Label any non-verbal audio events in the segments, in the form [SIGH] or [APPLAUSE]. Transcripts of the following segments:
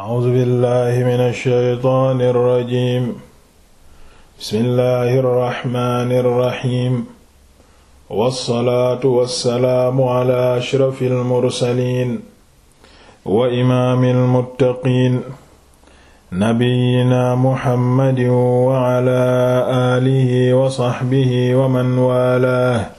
A'uuzu billaahi mina shaytaani rajiim. Bismillaahi rahmaani rahiim. Wassalaatu wassalaamu alaa ashrafil mursaliin. Wa imaamil muttaqiin. Nabiyyinaa Muhammadin wa alaa aalihi wa sahbihi wa man waalaahu.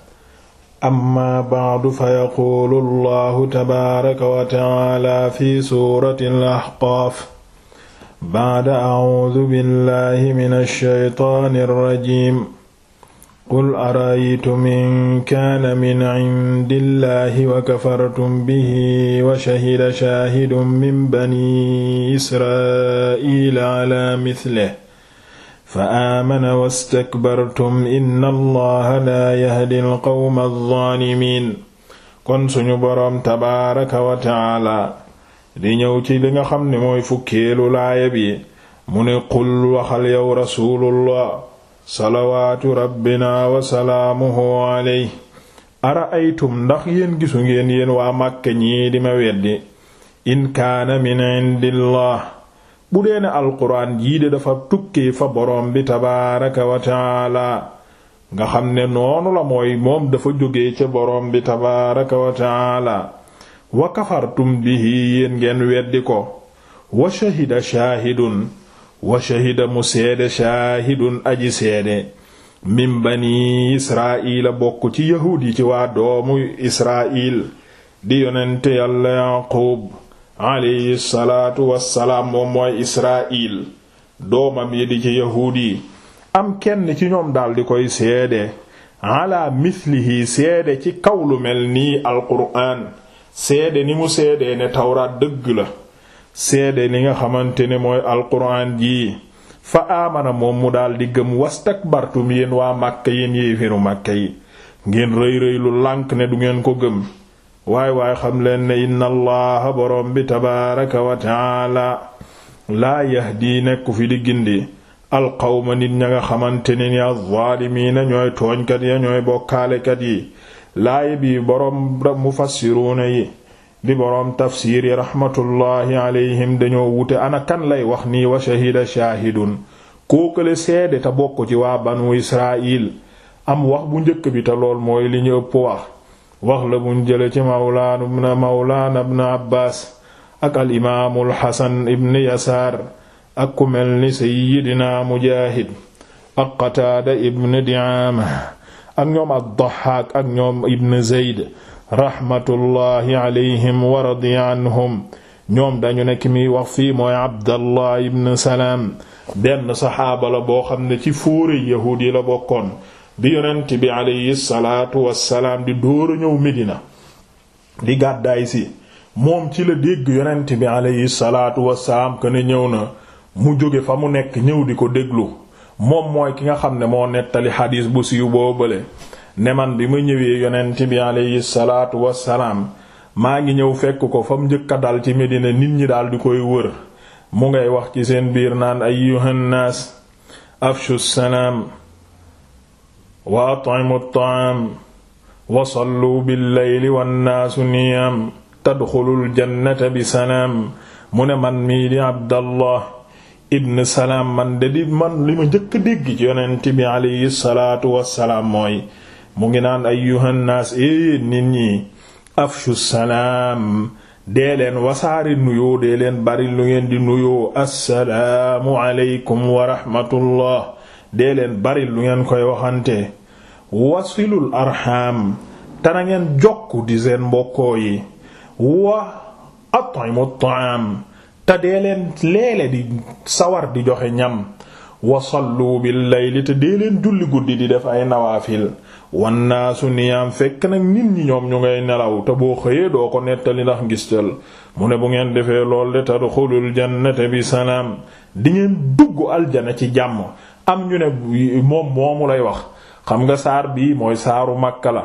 amma ba'du fa yaquulu allahu tabaaraka wa ta'aala fi suurati al-ahqaaf ba'da a'uudu billahi mina shaytaani rajiim qul ara'aytum in kaana min 'indi llahi wa kafartum bihi wa shahida shaahidun min bani israa'iila 'alaa mithlihi fa aamana wastakbartum inna allaha laa yahdi alqawma alzaalimiin kon suñu boroom tabaaraka wa taala di ñëw ci li nga xam ni mooy fukkeelu laaya bi mu ne qul waxal yow rasuulullah salawaatu rabbina wa salaamuhu alayhi ara aytum ndax yéen gisu ngeen yéen waa màkke ñii ma weddi in kaana min indillah bu dee ne jii de dafa tukkee fa borom bi tabaaraka nga xam ne noonu la mooy moom dafa jóge ca borom bi tabaaraka wa taala wa kafartum weddi ko wa shahida shaahidun wa shahida mu seede shaahidun aji seede min bani israila bokk ci yahuud yi ci waa doomu israil di yonente yàlla yaqub alayhi salaatu wassalaam moom mooy israil doomam yi di ci yahuud yi am kenn ci ñoom daal di koy seede ala mislihi seede ci kaw lu mel nii alquraan seede ni mu seede ne tawraat dëgg la seede li nga xamante ne mooy alquraan jii fa aamana moom mu daldi gëm gëm wastakbartum yéen waa màkka yen yéefiru màkka yi ngeen rëy rëy lu lànk ne du ngeen ko gëm waay waay xam leen ne inna allaha boroom bi tabaaraka wa taala laa yahdi nekku fi di gindi alqawma nit ña nga xamante ne ni az-zaalimiina ñooy tooñkat ya ñooy bokkaalekat yi laay bi boroom mufassiruuna yi di boroom tafsiir yi raxmatullaahi alayhim dañoo wute ana kan lay wax nii wa shahida shaahidun kookale seede te bokk ci waa banu israil am wax bu njëkk bi te lool mooy li ñu ëpp wax wax la buñ jële ci mawlaana ibn mawlaana ibn abbaas ak al imaamul xasan ibn yasaar ak ku mel ni sayyidina mujaahid ak qataada ibn di'aama ak ñoom ad-daxaak ak ñoom ibn zeyd raxmatullahi alayhim wa radiya anhum ñoom dañu nekk mi wax fii mooy abdallah ibn salaam benn saxaaba la boo xam ne ci fóori yahuud yi la bokkoon bi yonent bi alayhi salaatu wassalaam di dóor a ñëw Medina di gàddaay si moom ci la dégg yonent bi alayhi salaatu wassalaam ko ñëw na mu jóge fa mu nekk ñëw di ko déglu moom mooy ki nga xam ne moo nettali xadiis bu siiw boobale ne man bi ma ñëwee yonent bi alayhi salaatu maa ngi ñëw fekk ko fa mu njëkk a dal ci Medina nit ñi daal di koy wër mu ngay wax ci seen biir naan ayyuhan naas afshu salaam wa at'imu at wa sallu bil-layli wan-naasu niyaam tadxulul jannata bi salaam mu ne man mii di Abdallah ibn salaam man de di man li ma njëkk dégg ci yonent bi alayhi salaatu wassalaam mooy mu ngi naan ayyuhannaas é nit ñi afshu salaam dee leen wasaari nuyoo dee leen bari lu ngeen di nuyoo assalaamu aleykum wa rahmatullah dee leen bari lu ngeen koy waxante wasilul arxaam tana ngeen jokk di seen mbokkoo yi wa at'imu ta'am te dee leen leele di sawar di joxe ñam wasallu bil layli te dee leen julli guddi di def ay nawaafil wannaasu niyaam fekk nag nit ñi ñoom ñu ngay nelaw te boo xëyee doo ko nettali ndax ngistal mu ne bu ngeen defee lool de tadxulul jannata bi salaam di ngeen dugg aljana ci jàmm am ñu ne moom moomu lay wax xam nga saar bii mooy saaru màkk la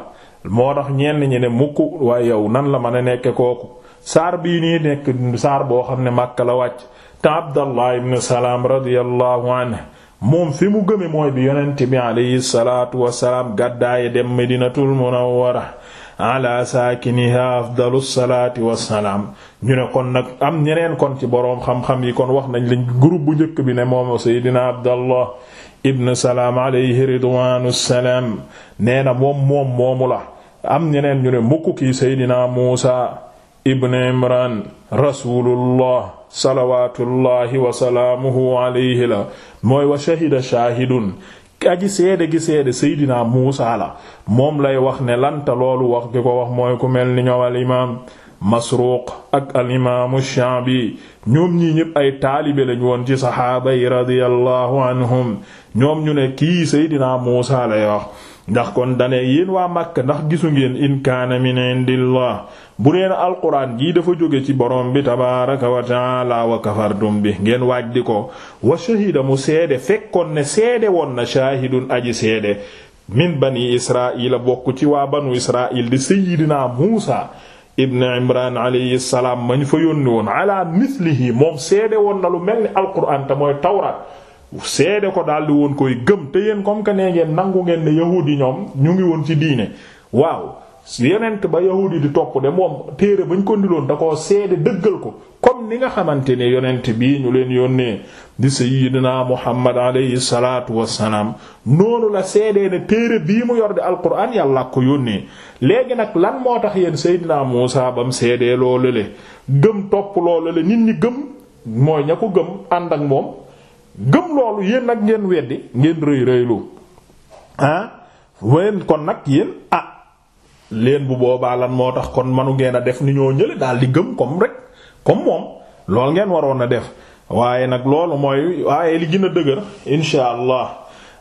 moo tax ñenn ñi ne mukk waaye yow nan la mën a nekke kooku saar bii nii nekk saar boo xam ne màkk la wàcc te Abdallah ibn Salaam radiyallahu anhu moom fi mu gëme mooy bi yonent bi alayhi salaatu wasalaam gàddaaye dem Madinatul Munawwara ala saakiniha afdalu salaati wa wassalaam ñu ne kon nag am ñeneen kon ci boroom xam-xam yi kon wax nañ lañ groupe bu njëkk bi ne moom Seydina Abdallah ibn salaam alayhi ridwaanu salaam moom moom moomu la am ñeneen ñu ne mukk kii seydina muusa ibn imran rasulullah salawatullahi wa la mooy wa shahida shaahidun aji seede gi seede seydina muusa la moom lay wax ne lanta loolu wax gi ko wax mooy ku mel ni ñoom al imaam Masruuq ak al imaamu Shaabi ñoom ñii ñëpp ay taalibe lañ woon ci saxaaba yi radiyallahu anhum ñoom ñu ne kii Seydina Muusaa lay wax ndax kon dane yéen waa Makka ndax gisu ngeen in kaana min indillah bu neen alquran jii dafa jóge ci borom bi tabaaraka wa taala wa kafartum bi ngeen waaj di ko wa shahida mu seede fekkoon ne seede woon na shaahidun aji seede min bani israila bokk ci waa banu israil di sayyidina Muusaa ibn imran alayhi salaam ma ñu fa yónni woon ala mislihi moom seede woon na lu mel ni alquran te mooy tawraat seede ko daldi woon koy gëm te yéen comme que nee ngeen nangu ngeen ne yahuud yi ñoom ñu ngi woon ci diine waaw yonent ba yahudi di topp de moom téere ba ñu ko ndiloon da koo seede dëggal ko kon ni nga xamante ne yonent bii ñu leen yónnee di sayyidina muhammad alayhi salaatu wassalaam noonu la seedee ne téere bii mu yor di alquran yàlla ko yónnee léegi nag lan moo tax yéen sayyidina muusa bam seedee loolu le gëm topp loolu le nit ñi gëm mooy ña ko gëm ànd ak moom gëm loolu yéen nag ngeen weddi ngeen rëy rëylu ah wen kon nag yéen ah leen bu boobaa lan moo tax kon manu ngeen a def ni ñoo ñële daal di gëm comme rek comme moom lool ngeen waroon a def waaye nag loolu mooy waaye li gën a dëgër insha allah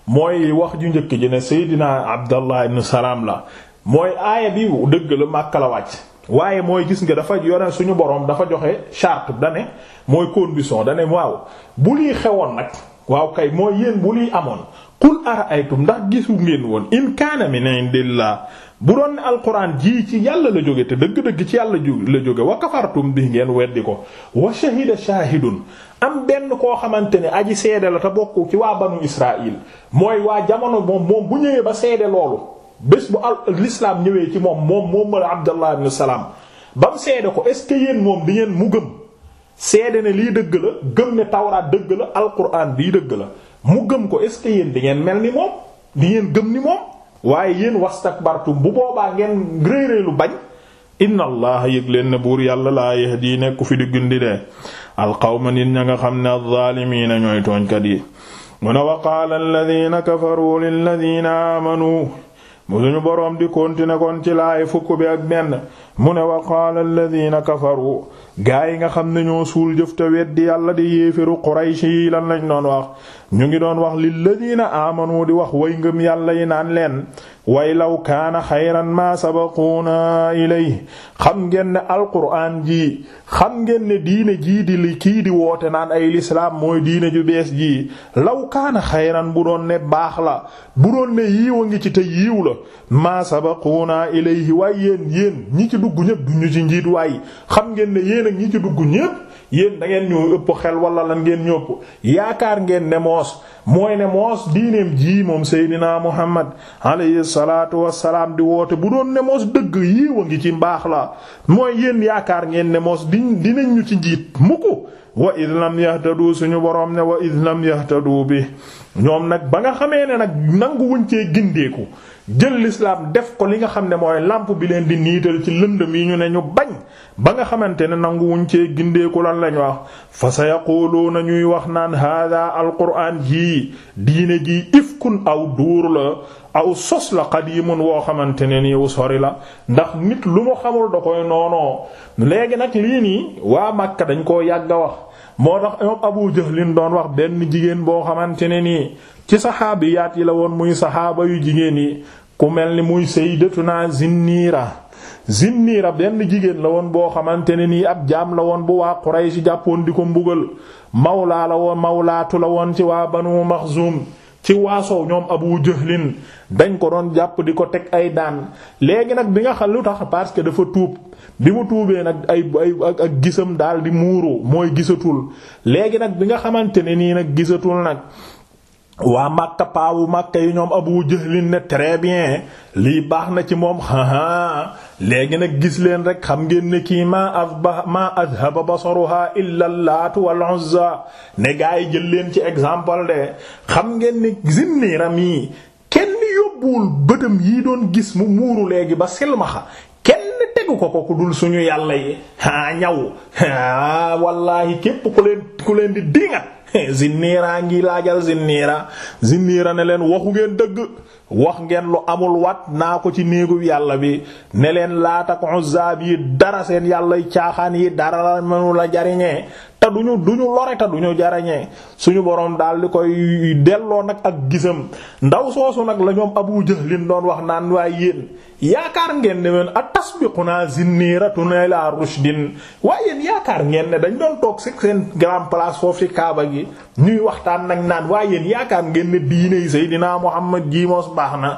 mooy wax ju njëkk ji ne Seydina Abdallah ibn Salaam la mooy aaya bi dëgg la Makka la wàcc waaye mooy gis nga dafa yore suñu boroom dafa joxe charte dane mooy condition dane waaw bu lii xewoon nag waaw kay mooy yéen bu lii amoon qul ara'aytum ndax gisu ngeen woon in kaana min indillah bu doon ne alquran jii ci yàlla la jóge te dëgg-dëgg ci yàlla la jóge wa kafartum bi ngeen weddi ko wa shahida shahidun am benn koo xamante ne aji seede la te bokk ci waa banu israil mooy waa jamono moom moom bu ñëwee ba seede loolu bés bu al l'islam ñëwee ci moom moom moom mala abdallah ibn salaam ba mu seede ko est-ce que yéen moom di ngeen mu gëm seede ne lii dëgg la gëm ne tawraat dëgg la alquran bii dëgg la mu gëm ko est-ce di ngeen mel ni moom di waaye yéen wastakbartum bu boobaa ngeen réeréelu bañ inna allaha yëg leen ne buur yàlla laa yahdi nekku fi di gundi de alqawma nit ña nga xam ne alzaalimiina ñooy tooñkat yi mu ne wa qaala alladina kafaru lilladina aamanu mu suñu boroom di continuer kon ci laay fukk bi ak benn mu ne wa qaala alladina kafaru gaa yi nga xam ne ñoo suul jëf te weddi yàlla di yéefiru Quraysh yi lan lañ doon wax ñu ngi doon wax li lilladiina wu di wax way ngëm yàlla yi naan leen way law kaana xayran ma sabaquuna ilay xam ngeen ne alquraan jii xam ngeen ne diine jii di li kii di woote naan ay lislaam mooy diine ju bees jii law kaana xayran bu doon ne baax la bu doon ne yiiw a ngi ci te yiiw la ma sabaquuna ilayhi waaye yéen yéen ñi ci dugg ñépp duñu ci njiit waay xam ngeen ne yéen ak ñi ci dugg ñépp yéen da ngeen ñu ëpp xel wala lan ngeen ñëpp yaakaar ngeen ne moos mooy ne moos diineem jii moom seydinaa Muhammad alayhi salaatu wassalaam di woote bu doon ne dëgg yiiw ngi ci mbaax la mooy yéen yaakaar ngeen ne moos di dinañ ñu ci njiit mukku wa id lam yahtadu suñu boroom ne wa id lam yahtadu bi ñoom nag ba nga xamee ne nag nangu wuñ cee gindeeku jël lislaam def ko li nga xam ne mooy làmp bi leen di niital ci lëndëm yi ñu ne ñu bañ ba nga xamante ne nangu wuñ cee gindeeku lan lañ wax fa sa na ñuy wax naan hada alquraan jii diine jii ifkun aw duur la aw sos la qadimun woo xamante ne nii wu sori la ndax nit lu mu xamul da koy noonoo léegi nag lii nii waa Makka dañ koo yàgg a wax moo tax ñoom Abu Jahlin doon wax benn jigéen boo xamante ne nii ci saxaabiyaat yi la woon muy saxaaba yu jigéen yi ku mel ni muy sayyidatuna Zinniira Zinniira benn jigéen la woon boo xamante ne nii ab jaam la woon bu waa ci jàppoon di ko mbugal mawlaa la woon mawlaatu la woon ci waa Banu Maxzum ci waasow ñoom Abu Jahlin dañ ko doon jàpp di ko teg ay dànn léegi nag bi nga xam lu tax parce que dafa tuub bi mu tuubee nag ay ay ak gisam daal di muuru mooy gisatul léegi nag bi nga xamante ne nii nag gisatul nag waa Makka paawu Makka yi ñoom Abu Jahlin ne très bien lii baax na ci moom haa léegi nag gis leen rek xam ngeen ne kii ma azba ma azhaba basaruha illa Laat wal Uzza ne gaa yi jël leen ci exemple de xam ngeen ne zinniram yi kenn yóbbuwul bëtam yi doon gis mu muuru léegi ba silmaxa tegu ko ko ku dul suñu yàlla yi haa ñaw haa wallaahi képp ku leen ku leen di dingat [LAUGHS] zinniiraa ngi laajal zinniira zinniira ne leen waxu ngeen dëgg wax ngeen lu amul wat naa ko ci néegu yàlla bi ne leen laata laatak uzza yi dara seen yàlla caaxaan yi dara la mënu jariñee te duñu duñu lore te duñu jariñee suñu boroom daal di koy delloo nag ak gisam ndaw soosu nag la ñoom Abu Jahlin doon wax naan waay yéen yaakaar ngeen ne men atasbiquna zinniratun ila rushdin waaye yéen yaakaar ngeen ne dañ doon toog si seen grand place foofu ci gi ñuy waxtaan nag naan waaye yéen yaakaar ngeen ne diine Seydina Muhammad ji mos baax na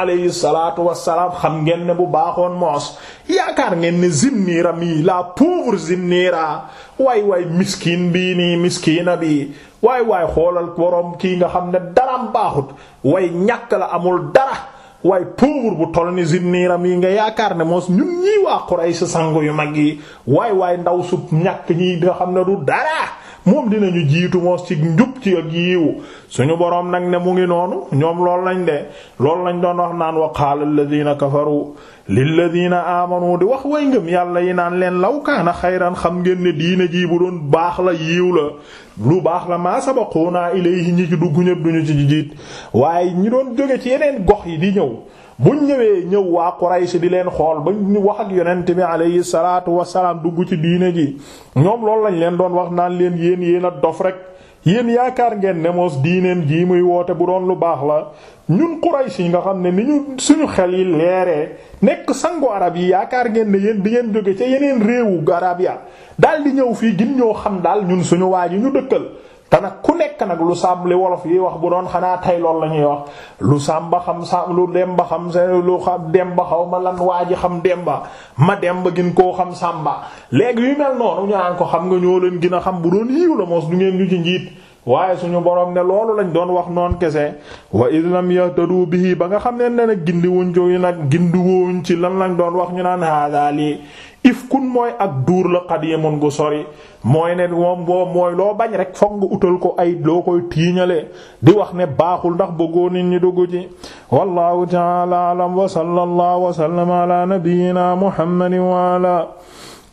alayhi salaatu wassalaam xam ngeen ne bu baaxoon moos yaakaar ngeen ne zinniira mi la pauvre zinniira waay waay miskin bii nii miskina bi waay waay xoolal borom kii nga xam ne daram baaxut way ñàkk la amul dara waaye pauvre bu toll ni zinniiram yi nga yaakaar ne moos ñun ñii waa Quraysh sangu yu mag yi waay waay ndaw su ñàkk ñi nga xam ne du dara moom dinañu jiitu moos ci njub ci ak yiiwu suñu boroom nag ne mu ngi noonu ñoom lool lañ de lool lañ doon wax naan wa qaala alladhina kafaru lilladhina amanu di wax way ngëm yàlla yi naan leen law kaana xayran xam ngeen ne diine jii bu doon baax la yiiw la lu baax la maa sabaquna ilayhi ñi ci dugg ñëpp duñu ci jiit waaye ñi doon jóge ci yeneen gox yi di ñëw buñ ñëwee ñëw waa Quraysh di leen xool ba ñu wax ak yonent bi alayhi salaatu wasalaam dugg ci diine ji ñoom loolu lañ leen doon wax naan leen yéen yéen a dof rek yéen yaakaar ngeen ne moos diineen jii muy woote bu doon lu baax la ñun Quraysh yi nga xam ne ni ñu suñu xel yi leeree nekk sangu arab yi yaakaar ngeen ne yéen di ngeen jóge ca yeneen réewu arab ya daal di ñëw fii gin ñoo xam daal ñun suñu waa ji ñu dëkkal te nag ku nekk nag lu sàmm li wolof yi wax bu doon xanaa tey loolu la ñuy wax lu sàmba xam sàmm lu dem ba xam lu xam dem ba xaw ma lan waa ji xam dem ba ma dem ba gin koo xam sàmba léegi yu mel noonu ñu naan ko xam nga ñoo leen gën a xam bu doon yiw la moos du ngeen ñu ci njiit waaye suñu borom ne loolu lañ doon wax noon kese wa islam yahtadu bihi ba nga xam ne ne nag gindiwuñ ci nag gindiwuñ lan lañ doon wax ñu naan hada lii ifkun mooy ak duur la qadimun gu sori mooy ne moom boo mooy loo bañ rek fokk nga utal ko ay loo koy tiiñale di wax ne baaxul ndax bëggoo nit ñi dugg ci wallahu ta'ala alam wa sallallahu wa sallama ala nabiyyina muhammadin wa ala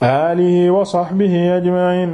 alihi wa sahbihi ajma'in